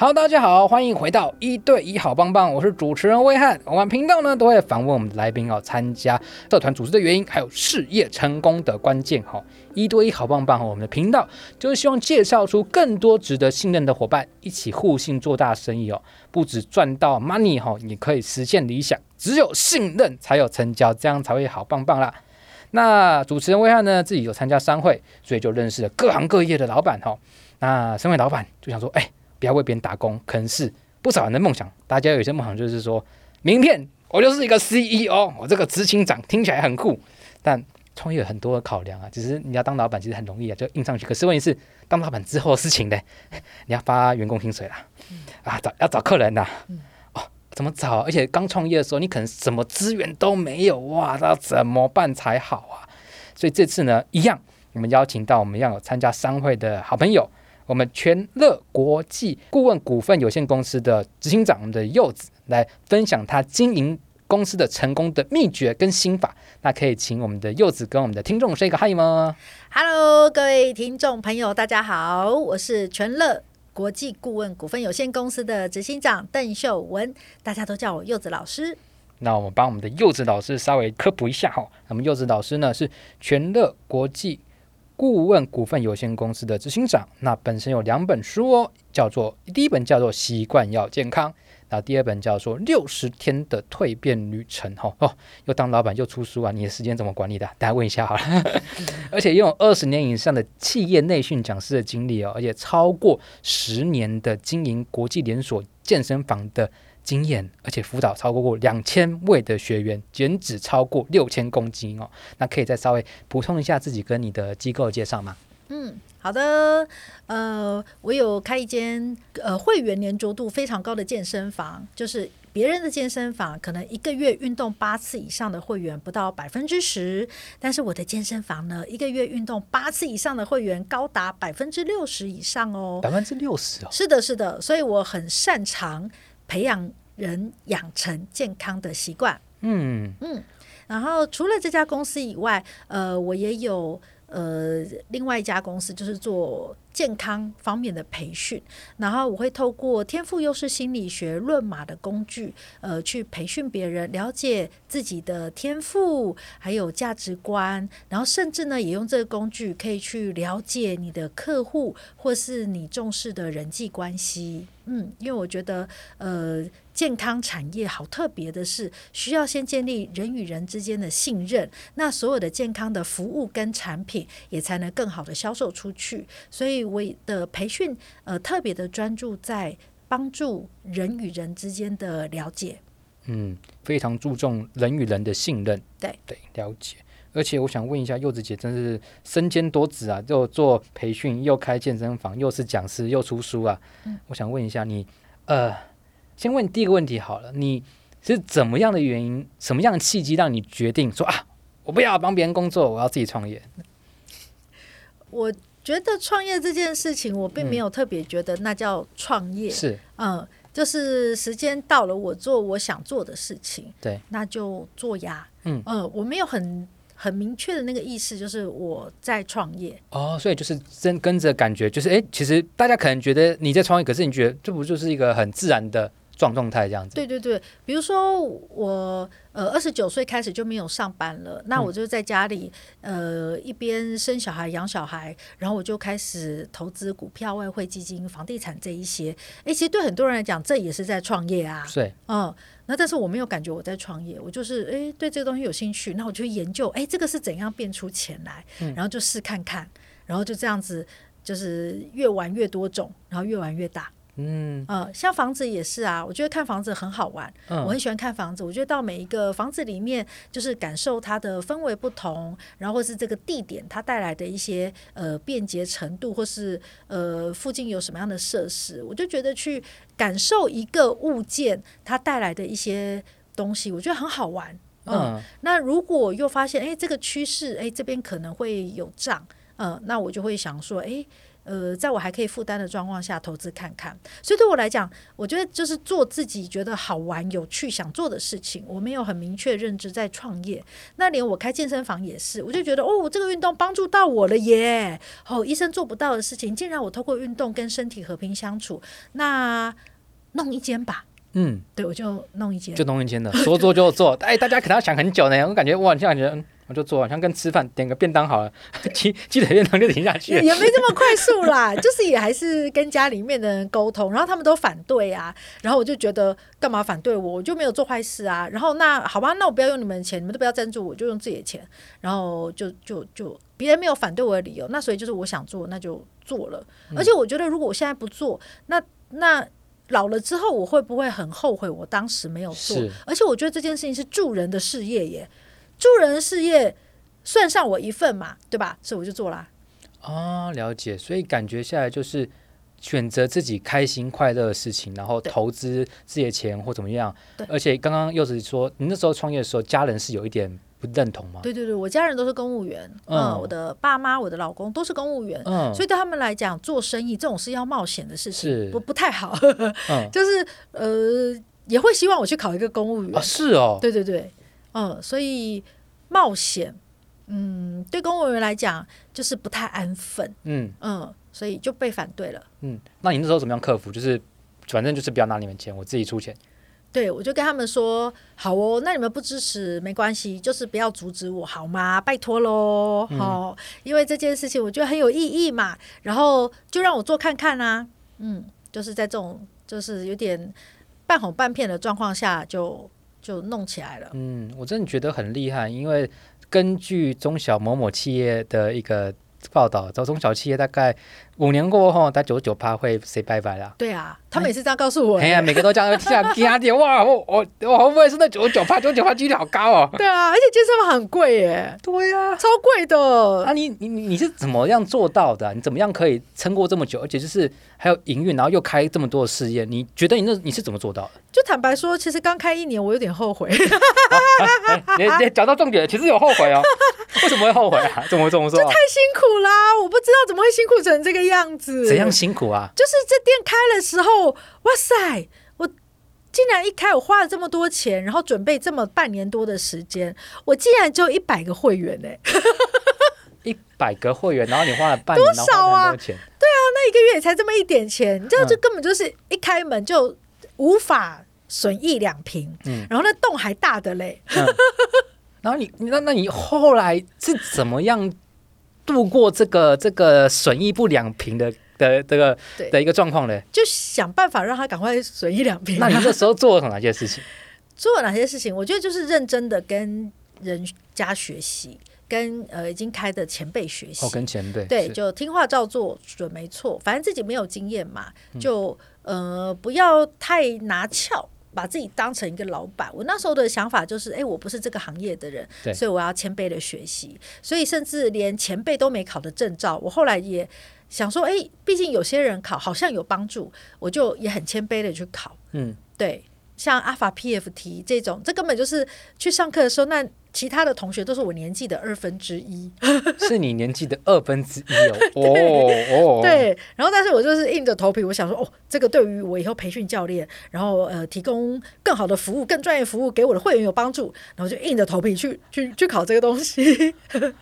Hello，大家好，歡迎回到一對一好棒棒，我是主持人威漢。我們頻道呢都會訪問我們的來賓哦，參加社團組織的原因，還有事業成功的關鍵哈、哦。一對一好棒棒、哦、我們的頻道就是希望介紹出更多值得信任的夥伴，一起互信做大生意哦，不止賺到 money 哈、哦，也可以實現理想。只有信任才有成交，這樣才會好棒棒啦。那主持人威漢呢，自己有參加商會，所以就認識了各行各業的老闆哈、哦。那身為老闆就想說，哎。要為別人打工，可能是不少人的夢想。大家有些夢想就是說，名片我就是一個 CEO，我這個執行長聽起來很酷。但創業有很多的考量啊，其實你要當老闆其實很容易啊，就印上去。可是問題是，當老闆之後的事情呢？你要發員工薪水啦，嗯、啊找要找客人啦。嗯、哦怎麼找？而且剛創業的時候，你可能什麼資源都沒有哇，那怎麼辦才好啊？所以這次呢，一樣我們邀請到我們要有參加商會的好朋友。我們全樂國際顧問股份有限公司的執行長，我們的柚子，來分享他經營公司的成功的秘訣跟心法，那可以請我們的柚子跟我們的聽眾 say 個嗨嗎？Hello，各位聽眾朋友，大家好，我是全樂國際顧問股份有限公司的執行長鄧琇文，大家都叫我柚子老師。那我們幫我們的柚子老師稍微科普一下哦，那麼柚子老師呢是全樂國際。顧問股份有限公司的執行長，那本身有兩本書哦，叫做第一本叫做《習慣要健康》，那第二本叫做《六十天的蛻變旅程》。吼哦，又當老板又出書啊，你的時間怎麼管理的？大家問一下好了。 而且擁有二十年以上的企業內訓講師的經歷哦，而且超過十年的經營國際連鎖健身房的。經驗，而且輔導超過過兩千位的學員，減脂超過六千公斤哦。那可以再稍微補充一下自己跟你的機構的介紹嗎？嗯，好的。呃，我有開一間呃會員黏著度非常高的健身房，就是別人的健身房可能一個月運動八次以上的會員不到百分之十，但是我的健身房呢，一個月運動八次以上的會員高達百分之六十以上哦，百分之六十哦。是的，是的，所以我很擅長。培養人養成健康的習慣。嗯嗯，然後除了這家公司以外，呃，我也有呃另外一家公司，就是做健康方面的培訓。然後我會透過天賦優勢心理學論碼的工具，呃，去培訓別人，了解自己的天賦，還有價值觀。然後甚至呢，也用這個工具可以去了解你的客戶，或是你重視的人際關係。嗯，因為我覺得，呃，健康產業好特別的是，需要先建立人與人之間的信任，那所有的健康的服務跟產品也才能更好的銷售出去。所以我的培訓，呃，特別的專注在幫助人與人之間的了解。嗯，非常注重人與人的信任。對對，了解。而且我想問一下柚子姐，真是身兼多職啊，又做培訓，又開健身房，又是講師，又出書啊。嗯。我想問一下你，呃，先問第一個問題好了，你是怎麼樣的原因，什麼樣的契機讓你決定說啊，我不要幫別人工作，我要自己創業？我覺得創業這件事情，我並沒有特別覺得，嗯，那叫創業，是，嗯，呃，就是時間到了，我做我想做的事情，對，那就做呀，嗯嗯，呃，我沒有很。很明確的，那個意思就是我在創業哦，所以就是跟跟着感覺，就是誒、欸，其實大家可能覺得你在創業，可是你覺得這不就是一個很自然的。狀態這樣子，對對對，比如說我呃二十九歲開始就沒有上班了，那我就在家裡、嗯、呃一邊生小孩養小孩，然後我就開始投資股票、外匯、基金、房地產這一些。哎，其實對很多人來講，這也是在創業啊。對，嗯，那但是我沒有感覺我在創業，我就是哎對這個東西有興趣，那我就研究哎這個是怎樣變出錢來，然後就試看看，嗯、然後就這樣子就是越玩越多種，然後越玩越大。嗯呃，像房子也是啊，我覺得看房子很好玩，嗯，我很喜歡看房子。我覺得到每一個房子裡面，就是感受它的氛圍不同，然後是這個地點它帶來的一些呃便捷程度，或是呃附近有什麼樣的設施，我就覺得去感受一個物件它帶來的一些東西，我覺得很好玩。呃、嗯，那如果又發現誒這個趨勢，誒這邊可能會有漲，嗯、呃，那我就會想說誒。呃，在我還可以負擔的狀況下投資看看，所以對我來講，我覺得就是做自己覺得好玩、有趣、想做的事情。我沒有很明確認知在創業，那連我開健身房也是，我就覺得哦，這個運動幫助到我了耶！哦，醫生做不到的事情，竟然我透過運動跟身體和平相處，那弄一間吧。嗯，對，我就弄一間，就弄一間的，說做就做。 哎，大家可能想很久呢，我感覺哇，這樣我就做，好像跟吃飯點個便當好了，雞雞腿便當就停下去，也沒這麼快速啦， 就是也還是跟家裡面的人溝通，然後他們都反對啊，然後我就覺得幹嘛反對我，我就沒有做壞事啊。然後那好吧，那我不要用你們的錢，你們都不要贊助我，就用自己的錢。然後就就就別人沒有反對我的理由，那所以就是我想做，那就做了。嗯，而且我覺得如果我現在不做，那那老了之後我會不會很後悔我當時沒有做？而且我覺得這件事情是助人的事業耶。助人事業算上我一份嘛，對吧？所以我就做啦。啊，了解。所以感覺下來就是選擇自己開心快樂的事情，然後投資自己的錢或怎麼樣。對。而且剛剛柚子說，你那時候創業的時候，家人是有一點不認同嗎？對對對，我家人都是公務員嗯，嗯，我的爸媽、我的老公都是公務員，嗯，所以對他們來講，做生意這種是要冒險的事情，是不不太好。 嗯、就是呃，也會希望我去考一個公務員。啊，是哦。對對對。嗯，所以冒險，嗯，對公務員來講就是不太安分，嗯嗯，所以就被反對了。嗯，那你那時候怎麼樣克服？就是反正就是不要拿你們錢，我自己出錢。對，我就跟他們說，好哦，那你們不支持沒關係，就是不要阻止我好嗎？拜托嘍，好，嗯，哦，因為這件事情我覺得很有意義嘛，然後就讓我做看看啊，嗯，就是在這種就是有點半哄半騙的狀況下就。就弄起來了。嗯，我真的覺得很厲害，因為根據中小某某企業的一個報道，找中小企業大概。五年過後，他九九八會 say 拜拜啦。對啊，他每次這樣告訴我、欸。哎、欸、呀、啊，每個都這樣講，驚訝點哇！我我我會不會是那九九八九九八幾率好高哦。對啊，而且健身房很貴耶。對啊，超貴的。啊，你你你，你是怎麼樣做到的？你怎麼樣可以撐過這麼久，而且就是還有營運，然後又開這麼多的事業？你覺得你那你是怎麼做到的？就坦白說，其實剛開一年，我有點後悔。 哦欸、你講到重點，其實有後悔哦。 為什麼會後悔啊？怎麼怎麼說？就太辛苦啦、啊！我不知道怎麼會辛苦成這個。這樣子怎樣辛苦啊？就是這店開的時候，哇塞！我竟然一開，我花了這麼多錢，然後準備這麼半年多的時間，我竟然就一百個會員呢？一百個會員，然後你花了半年，多少啊？多少錢？對啊，那一個月才這麼一點錢，你知道這根本就是一開門就無法損益兩平，嗯，然後那洞還大的嘞，嗯嗯、 然後你那那，那你後來是怎麼樣？度過這個這個損益不兩平的的這個的、的一個狀況呢，就想辦法讓他趕快損益兩平。那你那時候做了什麼 哪些事情？做了哪些事情？我覺得就是認真的跟人家學習，跟呃已經開的前輩學習。哦，跟前輩。對，對就聽話照做準沒錯。反正自己沒有經驗嘛，就、嗯、呃不要太拿翹。把自己當成一個老板，我那時候的想法就是：哎，我不是這個行業的人，所以我要謙卑的學習，所以甚至連前輩都沒考的證照，我後來也想說：哎，畢竟有些人考好像有幫助，我就也很謙卑的去考。嗯，對。像 Alpha PFT 這種，這根本就是去上課的時候，那其他的同學都是我年紀的二分之一， 是你年紀的二分之一哦。Oh, oh. 對，然後但是我就是硬着頭皮，我想說，哦，這個對於我以後培訓教練，然後呃，提供更好的服務、更專業服務給我的會員有幫助，然後就硬着頭皮去去去考這個東西。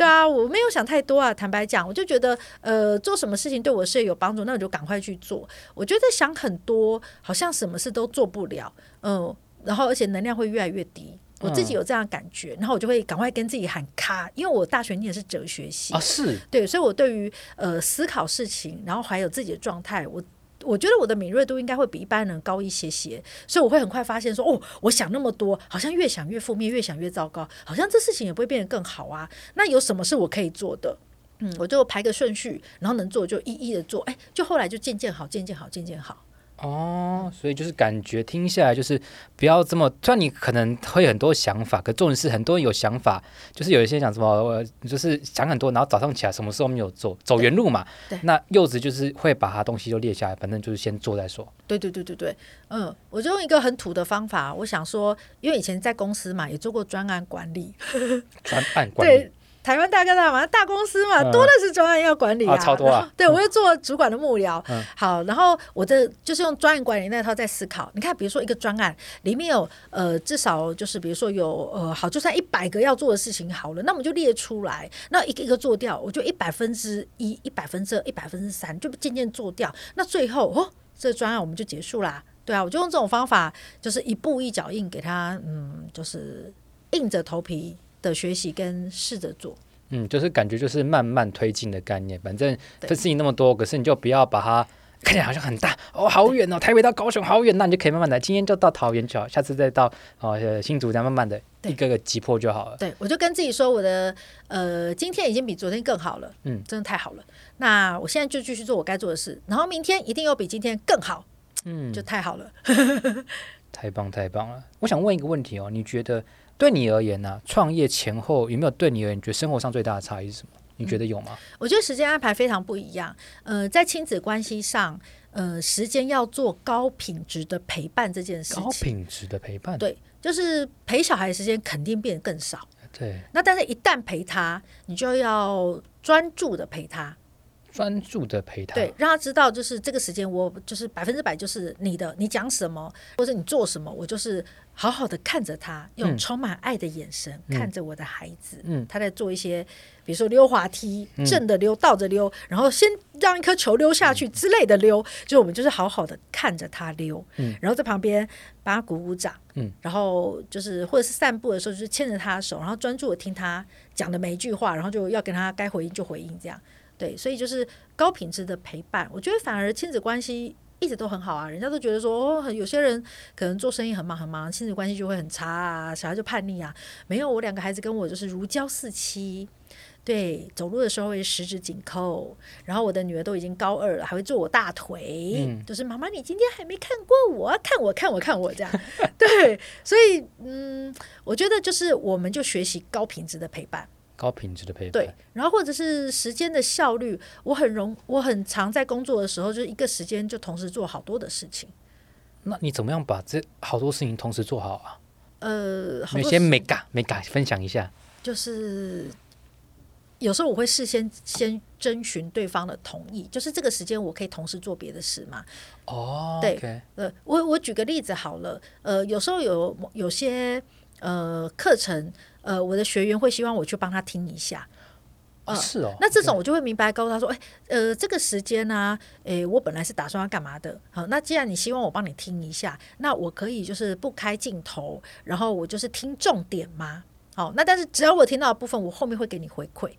對啊，我沒有想太多啊。坦白講，我就覺得，呃，做什麼事情對我事業有幫助，那我就趕快去做。我覺得想很多，好像什麼事都做不了，嗯、呃。然後，而且能量會越來越低，我自己有這樣的感覺、嗯。然後我就會趕快跟自己喊卡，因為我大學念的是哲學系，啊、是，對，所以我對於呃思考事情，然後還有自己的狀態，我。我覺得我的敏銳度應該會比一般人高一些些，所以我會很快發現說，哦，我想那麼多，好像越想越負面，越想越糟糕，好像這事情也不會變得更好啊。那有什麼是我可以做的？嗯，我就排個順序，然後能做就一一的做，哎，就後來就漸漸好，漸漸好，漸漸好。哦，所以就是感覺聽下來就是不要這麼，雖然你可能會很多想法，可重點是很多人有想法，就是有一些想什麼，就是想很多，然後早上起來什麼事都沒有做，走原路嘛。對，那柚子就是會把它東西都列下來，反正就是先做再說。對對對對對，嗯，我就用一個很土的方法，我想說，因為以前在公司嘛，也做過專案管理，專 案管理。台灣大哥大嘛，大公司嘛，多的是專案要管理啊，嗯、啊啊超多啊！對我就做主管的幕僚、嗯嗯，好，然後我的就是用專案管理那套在思考。你看，比如說一個專案裡面有呃，至少就是比如說有呃，好，就算一百個要做的事情好了，那我們就列出來，那一個一個做掉，我就一百分之一、一百分之二、一百分之三，就漸漸做掉。那最後哦，這個專案我們就結束啦。對啊，我就用這種方法，就是一步一腳印，給他嗯，就是硬着頭皮。的學習跟試着做，嗯，就是感覺就是慢慢推進的概念。反正這事情那麼多，可是你就不要把它看起來好像很大哦，好遠哦，台北到高雄好遠，那你就可以慢慢來，今天就到桃園就好，下次再到呃、哦、新竹這樣，慢慢的一個一個擊破就好了對。對，我就跟自己說，我的呃今天已經比昨天更好了，嗯，真的太好了。那我現在就繼續做我該做的事，然後明天一定又比今天更好，嗯，就太好了， 太棒太棒了。我想問一個問題哦，你覺得？對你而言呢、啊，創業前後有沒有對你而言覺得生活上最大的差異是什麼？你覺得有嗎？嗯，我覺得時間安排非常不一樣。呃，在親子關係上，呃，時間要做高品質的陪伴這件事情。高品質的陪伴。對，就是陪小孩的時間肯定變得更少。對。那但是，一旦陪他，你就要專注的陪他。專注的陪他。對，讓他知道，就是這個時間，我就是百分之百，就是你的。你講什麼，或者你做什麼，我就是。好好的看着他，用充滿愛的眼神、嗯、看着我的孩子嗯。嗯，他在做一些，比如說溜滑梯、嗯，正的溜，倒着溜，然後先讓一顆球溜下去之類的溜。嗯、就我們就是好好的看着他溜，嗯，然後在旁邊幫他鼓鼓掌，嗯，然後就是或者是散步的時候，就是牽着他的手、嗯，然後專注的聽他講的每一句話，然後就要跟他該回應就回應，這樣。對，所以就是高品質的陪伴，我覺得反而親子關係。一直都很好啊，人家都覺得說哦，有些人可能做生意很忙很忙，親子關係就會很差啊，小孩就叛逆啊。沒有，我兩個孩子跟我就是如膠似漆，對，走路的時候會十指緊扣，然後我的女兒都已經高二了，還會坐我大腿，嗯、就是媽媽，你今天還沒看過我，看我，看我，看我這樣。對， 所以嗯，我覺得就是我們就學習高品質的陪伴。高品質的陪伴。對，然後或者是時間的效率，我很容我很常在工作的時候，就是一個時間就同時做好多的事情。那你怎麼樣把這好多事情同時做好啊？呃，好多你有先沒干沒乾，分享一下。就是有時候我會事先先徵詢對方的同意，就是這個時間我可以同時做別的事嘛。哦、Oh, okay.，對，呃，我我舉個例子好了，呃，有時候有有些呃課程。呃，我的學員會希望我去幫他聽一下、哦啊，是哦。那這種我就會明白告訴他說，誒，呃，這個時間呢、啊，誒，我本來是打算要幹嘛的。好，那既然你希望我幫你聽一下，那我可以就是不開鏡頭，然後我就是聽重點嗎？好，那但是只要我聽到的部分，嗯、我後面會給你回饋，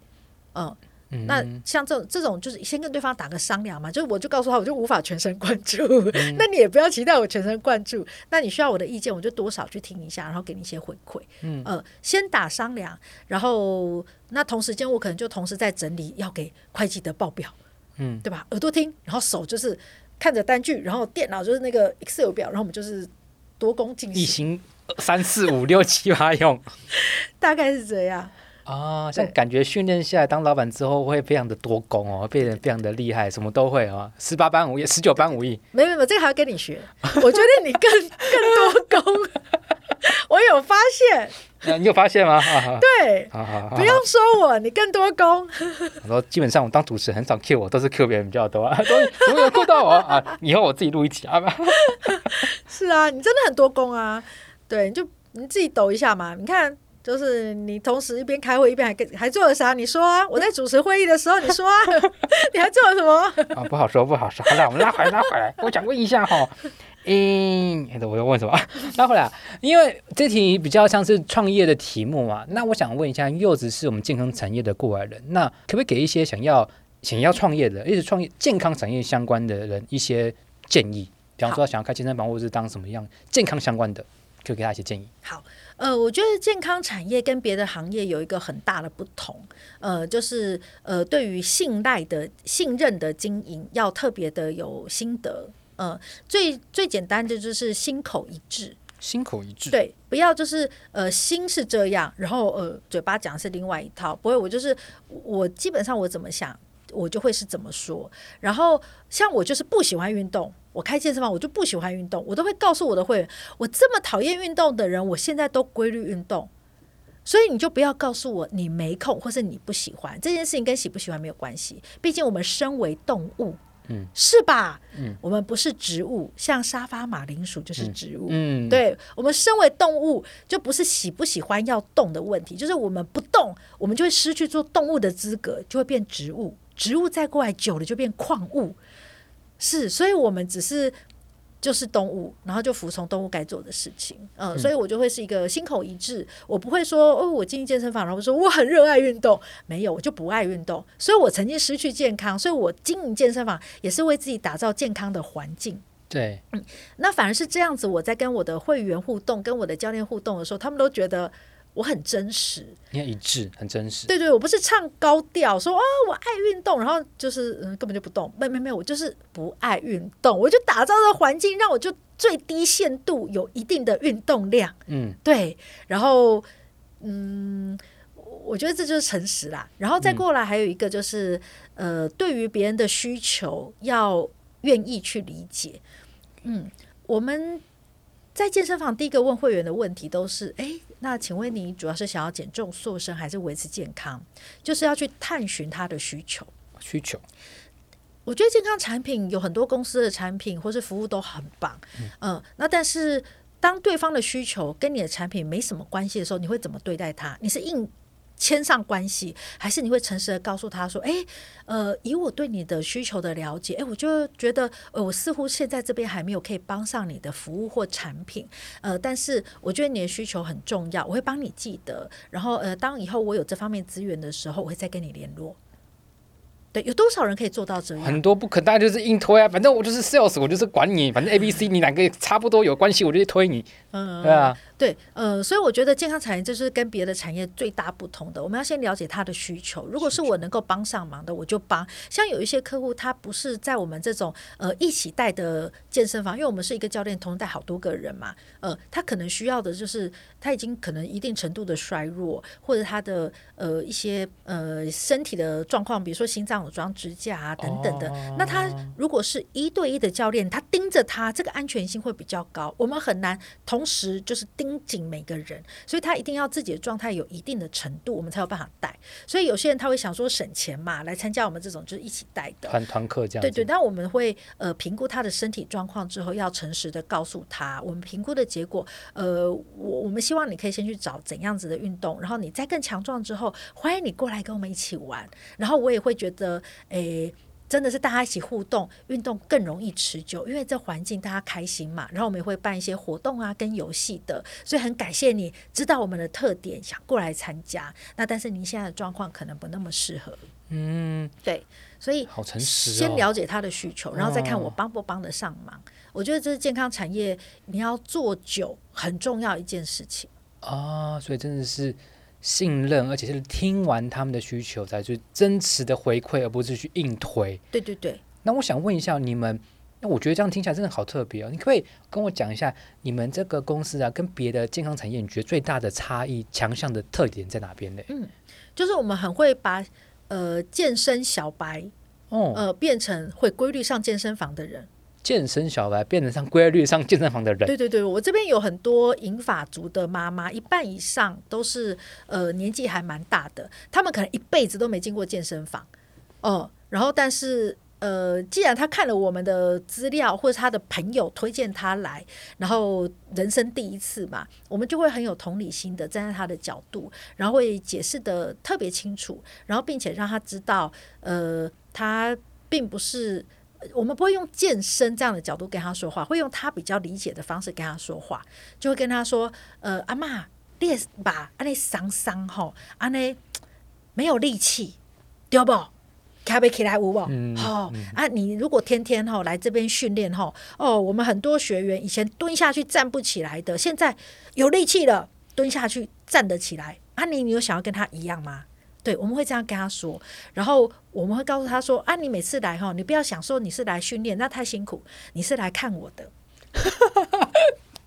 嗯。嗯、那像這種這種就是先跟對方打個商量嘛，就是我就告訴他，我就無法全神貫注。嗯、 那你也不要期待我全神貫注。那你需要我的意見，我就多少去聽一下，然後給你一些回饋。嗯，呃，先打商量，然後那同時間我可能就同時在整理要給會計的報表。嗯，對吧？耳朵聽，然後手就是看着單據，然後電腦就是那個 Excel 表，然後我們就是多工進行，一行三四五六七八用 大概是這樣。啊、哦，像感覺訓練下來當老板之後會非常的多功哦，變得非常的厲害，什麼都會哦，十八般武藝，十九般武藝。沒沒沒，這個還要跟你學。我覺得你更 更多功， 我有發現、呃。你有發現嗎？ 對， 不用說我，你更多功。 我說基本上我當主持人很少 cue 我，都是 cue 別人比較多啊，都沒有 cue 到我啊。以後我自己錄一集啊。是啊，你真的很多功啊。對，你就你自己抖一下嘛，你看。就是你同時一邊開會一邊還跟還做了啥？你說、啊，我在主持會議的時候， 你說啊，你還做了什麼？啊，不好說，不好說。好了，我們拉回來，拉回來。我想問一下哈，嗯，我要問什麼？拉回來、啊，因為這題比較像是創業的題目嘛。那我想問一下，柚子是我們健康產業的過來人，那可不可以給一些想要想要創業的，一直創業健康產業相關的人一些建議？比方說，想要開健身房，或者是當什麼樣健康相關的？就給他一些建議。好，呃，我覺得健康產業跟別的行業有一個很大的不同，呃，就是呃，對於信賴的、信任的經營，要特別的有心得。呃，最最簡單的就是心口一致，心口一致。對，不要就是呃，心是這樣，然後呃，嘴巴講是另外一套。不會，我就是我基本上我怎麼想，我就會是怎麼說，然後像我就是不喜歡運動，我開健身房，我就不喜歡運動，我都會告訴我的會員，我這麼討厭運動的人，我現在都規律運動，所以你就不要告訴我你沒空，或是你不喜歡這件事情。跟喜不喜歡沒有關係，畢竟我們身為動物，嗯，是吧？嗯，我們不是植物，像沙發馬鈴薯就是植物，嗯，對，我們身為動物就不是喜不喜歡要動的問題，就是我們不動，我們就會失去做動物的資格，就會變植物。植物再過來久了就變礦物，是，所以我們只是就是動物，然後就服從動物該做的事情。嗯，所以我就會是一個心口一致，嗯、我不會說哦，我經營健身房，然後說我很熱愛運動，沒有，我就不愛運動。所以我曾經失去健康，所以我經營健身房也是為自己打造健康的環境。對，嗯，那反而是這樣子，我在跟我的會員互動、跟我的教練互動的時候，他們都覺得。我很真實，你要一致，很真實。對對，我不是唱高調說啊、哦，我愛運動，然後就是嗯，根本就不動，沒有沒沒，我就是不愛運動，我就打造的環境讓我就最低限度有一定的運動量。嗯，對。然後嗯，我覺得這就是誠實啦。然後再過來還有一個就是、嗯、呃，對於別人的需求要願意去理解。嗯，我們在健身房第一個問會員的問題都是哎、誒那請問你主要是想要減重瘦身，還是維持健康？就是要去探尋他的需求。需求，我覺得健康產品有很多公司的產品或是服務都很棒，嗯，呃，那但是當對方的需求跟你的產品沒什麼關係的時候，你會怎麼對待他？你是應。牽上關係，還是你會誠實的告訴他說：“哎，呃，以我對你的需求的了解，哎，我就覺得，呃，我似乎現在這邊還沒有可以幫上你的服務或產品，呃，但是我覺得你的需求很重要，我會幫你記得。然後，呃，當以後我有這方面資源的時候，我會再跟你聯絡。對，有多少人可以做到這樣？很多，不可能，當然就是硬推啊。反正我就是 sales，我就是管你，反正 A、嗯、B、C，你兩個也差不多有關係，我就去推你。嗯，對啊。嗯”對，呃，所以我覺得健康產業就是跟別的產業最大不同的，我們要先了解他的需求。如果是我能夠幫上忙的，我就幫。像有一些客戶，他不是在我們這種呃一起帶的健身房，因為我們是一個教練同帶好多個人嘛，呃，他可能需要的就是他已經可能一定程度的衰弱，或者他的呃一些呃身體的狀況，比如說心臟有裝支架啊等等的，哦。那他如果是一對一的教練，他盯着他，這個安全性會比較高。我們很難同時就是盯。盯緊每個人，所以他一定要自己的狀態有一定的程度，我們才有辦法帶。所以有些人他會想說省錢嘛，來參加我們這種就是一起帶的團團課這樣。對，對對，但我們會呃評估他的身體狀況之後，要誠實的告訴他，我們評估的結果，呃，我我們希望你可以先去找怎樣子的運動，然後你再更強壯之後，歡迎你過來跟我們一起玩。然後我也會覺得誒。欸真的是大家一起互動，運動更容易持久，因為這環境大家開心嘛。然後我們也會辦一些活動啊，跟遊戲的，所以很感謝你知道我們的特點，想過來參加。那但是您現在的狀況可能不那麼適合。嗯，對，所以好誠實，先了解他的需求，哦，然後再看我幫不幫得上忙，哦。我覺得這是健康產業你要做久很重要一件事情啊，哦。所以真的是。信任，而且是聽完他們的需求，才去真實的回饋，而不是去硬推。對對對。那我想問一下你們，那我覺得這樣聽起來真的好特別哦。你可，可以跟我講一下，你們這個公司啊，跟別的健康產業，你覺得最大的差異、強項的特點在哪邊呢？嗯，就是我們很會把呃健身小白哦呃變成會規律上健身房的人。健身小白變成上規律上健身房的人。對對對，我這邊有很多銀髮族的媽媽，一半以上都是呃年紀還蠻大的，他們可能一輩子都沒進過健身房，哦，然後但是呃，既然他看了我們的資料，或是他的朋友推薦他來，然後人生第一次嘛，我們就會很有同理心的站在他的角度，然後會解釋得特別清楚，然後並且讓他知道，呃，他並不是。我們不會用健身這樣的角度跟他說話，會用他比較理解的方式跟他說話，就會跟他說：“呃，阿嬤，練把阿你傷傷吼，阿你沒有力氣，對不？起不起來舞不？好、嗯哦嗯、啊！你如果天天吼、哦、來這邊訓練吼，哦，我們很多學員以前蹲下去站不起來的，現在有力氣了，蹲下去站得起來。阿、啊、你，你有想要跟他一樣嗎？”對，我們會這樣跟他說，然後我們會告訴他說：“啊，你每次來哈，你不要想說你是來訓練，那太辛苦，你是來看我的。 ”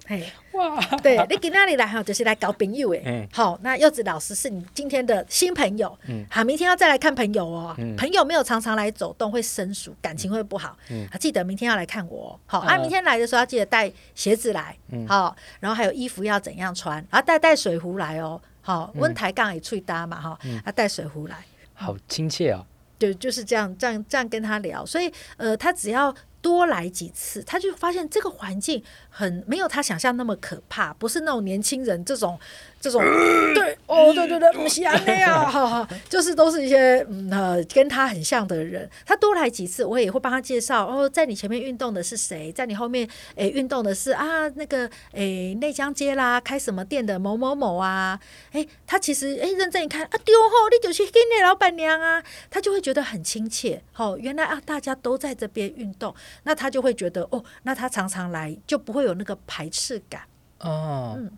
嘿，哇，對，你今天來哈，就是來搞朋友哎。嗯，好、哦，那柚子老師是你今天的新朋友。嗯，好，明天要再來看朋友哦。嗯、朋友沒有常常來走動，會生疏，感情會不好。嗯，啊、記得明天要來看我、哦。好，啊，明天來的時候要記得帶鞋子來。嗯，好，然後還有衣服要怎樣穿，然、啊、帶帶水壺來哦。好、哦，溫台鋼也出去搭嘛哈，他、嗯啊、帶水壺來，好親切哦。對，就是這樣，這樣這樣跟他聊，所以呃，他只要多來幾次，他就發現這個環境很沒有他想象那麼可怕，不是那種年輕人這種這種、呃、對。哦，對對對，不是安內啊，哈 哈、哦，就是都是一些、嗯呃、跟他很像的人。他多來幾次，我也會幫他介紹。哦，在你前面運動的是誰？在你後面誒運動的是啊那個誒內江街啦，開什麼店的某某某啊？哎，他其實哎認真一看啊，丟哦，你就是跟你老闆娘啊，他就會覺得很親切。哦，原來啊大家都在這邊運動，那他就會覺得哦，那他常常來就不會有那個排斥感。哦，嗯。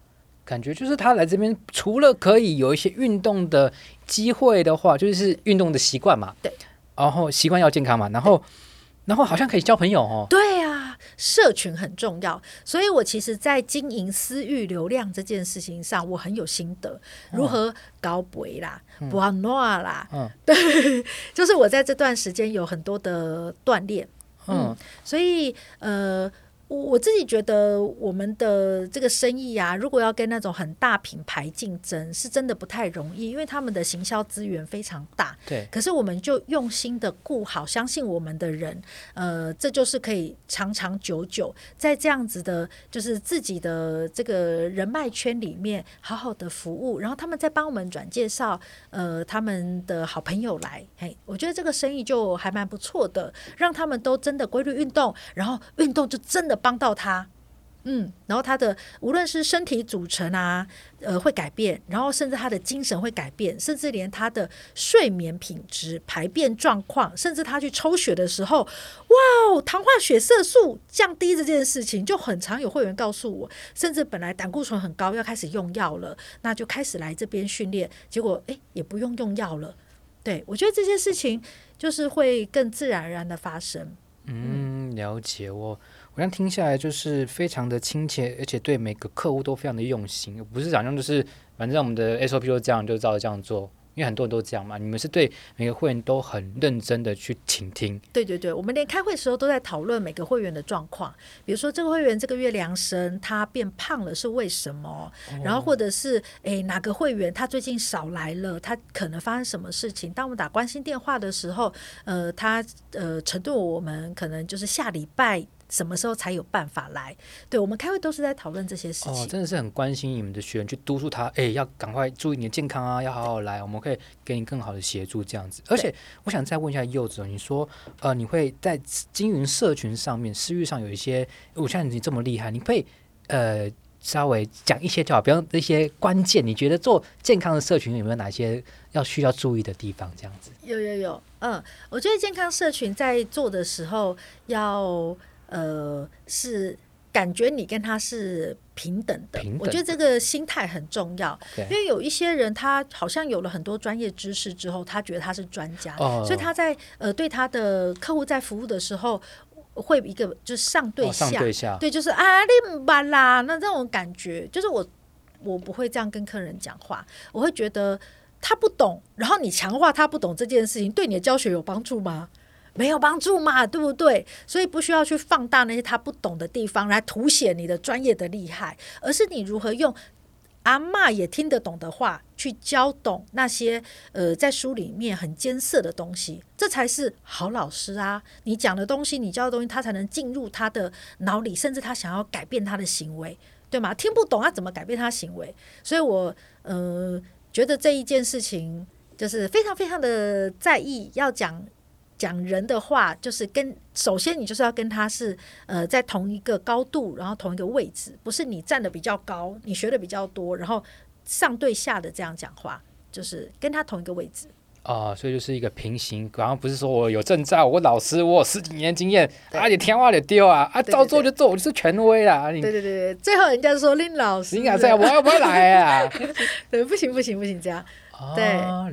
感覺就是他來這邊，除了可以有一些運動的機會的話，就是運動的習慣嘛。對。然後習慣要健康嘛，然後，然後好像可以交朋友哦。對啊，社群很重要。所以我其實，在經營私域流量這件事情上，我很有心得，嗯、如何高博啦，嗯、不要諾啦。嗯。對，就是我在這段時間有很多的鍛鍊。嗯。嗯所以呃。我我自己覺得，我們的這個生意啊，如果要跟那種很大品牌競爭，是真的不太容易，因為他們的行銷資源非常大。對。可是我們就用心的顧好，相信我們的人，呃，這就是可以長長久久在這樣子的，就是自己的這個人脈圈裡面，好好的服務，然後他們再幫我們轉介紹，呃，他們的好朋友來。嘿，我覺得這個生意就還蠻不錯的，讓他們都真的規律運動，然後運動就真的。幫到他，嗯，然後他的無論是身體組成啊，呃，會改變，然後甚至他的精神會改變，甚至連他的睡眠品質、排便狀況，甚至他去抽血的時候，哇哦，糖化血色素降低這件事情，就很常有會員告訴我，甚至本來膽固醇很高，要開始用藥了，那就開始來這邊訓練，結果哎，也不用用藥了。對，我覺得這些事情就是會更自然而然的發生。嗯，了解我。好像聽下來就是非常的親切，而且對每個客戶都非常的用心，不是講就是反正我們的 SOP 就這樣就照着這樣做，因為很多人都這樣嘛。你們是對每個會員都很認真的去傾聽。對對對，我們連開會的時候都在討論每個會員的狀況，比如說這個會員這個月量身他變胖了是為什麼？哦、然後或者是哎哪個會員他最近少來了，他可能發生什麼事情？當我們打關心電話的時候，呃，他呃承諾我們可能就是下禮拜。什麼時候才有辦法來？對，我們開會都是在討論這些事情。哦，真的是很關心你們的學員，去督促他，哎、欸，要趕快注意你的健康啊，要好好來。我們可以給你更好的協助，這樣子。而且，我想再問一下柚子，你說，呃，你會在經營社群上面，私域上有一些，我像你這麼厲害，你可以呃，稍微講一些就好。比方那些關鍵，你覺得做健康的社群有沒有哪些要需要注意的地方？這樣子。有有有，嗯，我覺得健康社群在做的時候要。呃，是感覺你跟他是平等的，平等的。我覺得這個心態很重要。Okay. 因為有一些人，他好像有了很多專業知識之後，他覺得他是專家，oh. 所以他在呃對他的客戶在服務的時候，會一個就是上對下，oh, 上對下。對，就是啊哩吧啦，那這種感覺就是我我不會這樣跟客人講話，我會覺得他不懂，然後你強化他不懂這件事情，對你的教學有幫助嗎？沒有幫助嘛，對不對？所以不需要去放大那些他不懂的地方來凸顯你的專業的厲害，而是你如何用阿嬤也聽得懂的話去教懂那些呃在書裡面很艱澀的東西，這才是好老師啊！你講的東西，你教的東西，他才能進入他的腦裡，甚至他想要改變他的行為，對嗎？聽不懂，他怎麼改變他行為？所以我呃覺得這一件事情就是非常非常的在意要講。講人的話，就是跟首先你就是要跟他是呃在同一個高度，然後同一個位置，不是你站得比較高，你學得比較多，然後上對下的這樣講話，就是跟他同一個位置啊、哦，所以就是一個平行，然後不是說我有證照，我老師，我有十幾年經驗，啊你天花就丟啊，啊照做就做，我、就是權威啦，對對對對，最後人家說林老師，你敢再我要不要來啊， 對，不行不行不行這樣。哦、對，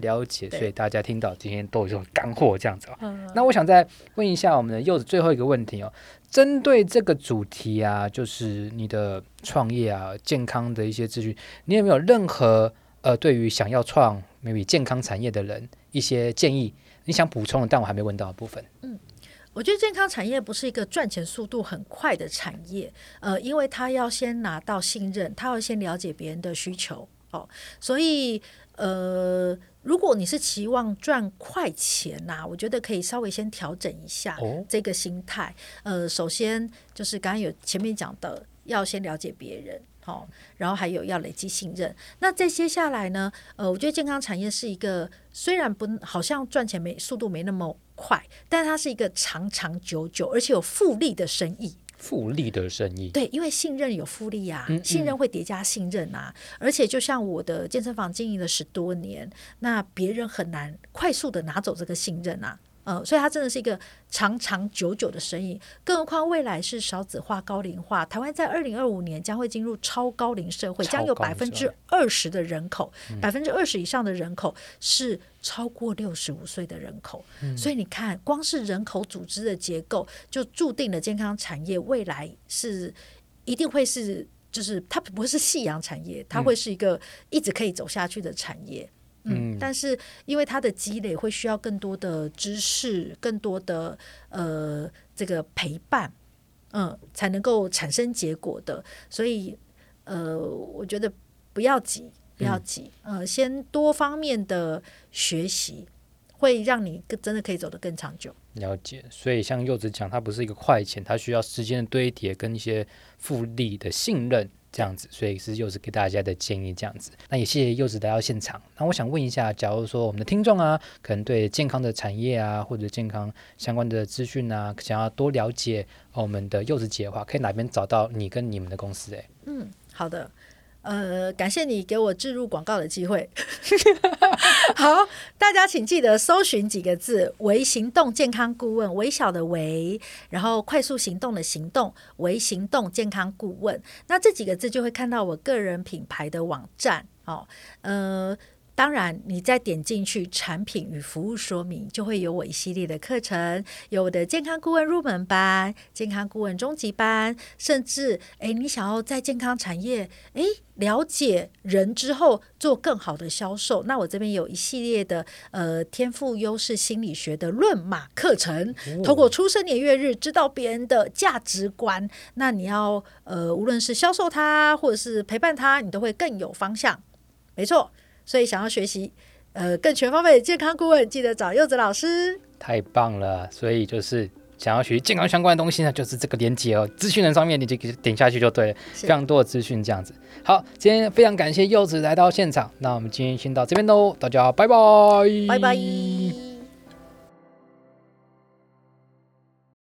了解，所以大家聽到今天都有這種乾貨這樣子。嗯、啊，那我想再問一下我們的柚子最後一個問題哦，針對這個主題啊，就是你的創業啊，健康的一些資訊，你有沒有任何呃，對於想要創 maybe 健康產業的人一些建議？你想補充的，但我還沒問到的部分。嗯，我覺得健康產業不是一個賺錢速度很快的產業，呃，因為他要先拿到信任，他要先了解別人的需求。哦，所以呃，如果你是期望賺快錢吶、啊，我覺得可以稍微先調整一下這個心態、哦。呃，首先就是剛剛有前面講的，要先了解別人，好、哦，然後還有要累積信任。那在接下來呢，呃，我覺得健康產業是一個雖然不好像賺錢沒速度沒那麼快，但是它是一個長長久久而且有複利的生意。複利的生意，對，因為信任有複利啊。嗯嗯，信任會疊加信任啊，而且就像我的健身房經營了十多年，那別人很難快速地拿走這個信任啊。呃，所以它真的是一個長長久久的生意，更何況未來是少子化、高齡化。台灣在二零二五年將會進入超高齡社會，將有百分之二十的人口，百分之二十以上的人口是超過六十五歲的人口，嗯。所以你看，光是人口組織的結構，就注定了健康產業未來是一定會是，就是它不是夕陽產業，它會是一個一直可以走下去的產業。嗯嗯，但是因為它的積累會需要更多的知識，更多的呃這個陪伴，嗯，才能夠產生結果的。所以呃，我覺得不要急，不要急，嗯，呃，先多方面的學習，會讓你真的可以走得更長久。了解，所以像柚子講，它不是一個快錢，它需要時間的堆疊跟一些複利的信任。這樣子，所以是柚子給大家的建議。這樣子，那也謝謝柚子來到現場。那我想問一下，假如說我們的聽眾啊，可能對健康的產業啊，或者健康相關的資訊啊，想要多了解我們的柚子姐的話，可以哪邊找到你跟你們的公司？欸？誒，嗯，好的。呃，感謝你給我置入廣告的機會。 好，大家請記得搜尋幾個字“微行動健康顧問”，微小的“微”，然後快速行動的“行動”，微行動健康顧問。那這幾個字就會看到我個人品牌的網站哦，呃。當然，你再點進去產品與服務說明，就會有我一系列的課程，有我的健康顧問入門班、健康顧問中級班，甚至誒你想要在健康產業哎了解人之後做更好的銷售，那我這邊有一系列的呃天賦優勢心理學的論碼課程，透過出生年月日知道別人的價值觀，那你要呃無論是銷售他或者是陪伴他，你都會更有方向。沒錯。所以想要學習，呃，更全方位的健康顧問，記得找柚子老師。太棒了！所以就是想要學習健康相關的東西呢，就是這個連接哦，資訊欄上面你就點下去就對了，非常多的資訊這樣子。好，今天非常感謝柚子來到現場，那我們今天先到這邊嘍，大家拜拜，拜拜。Bye bye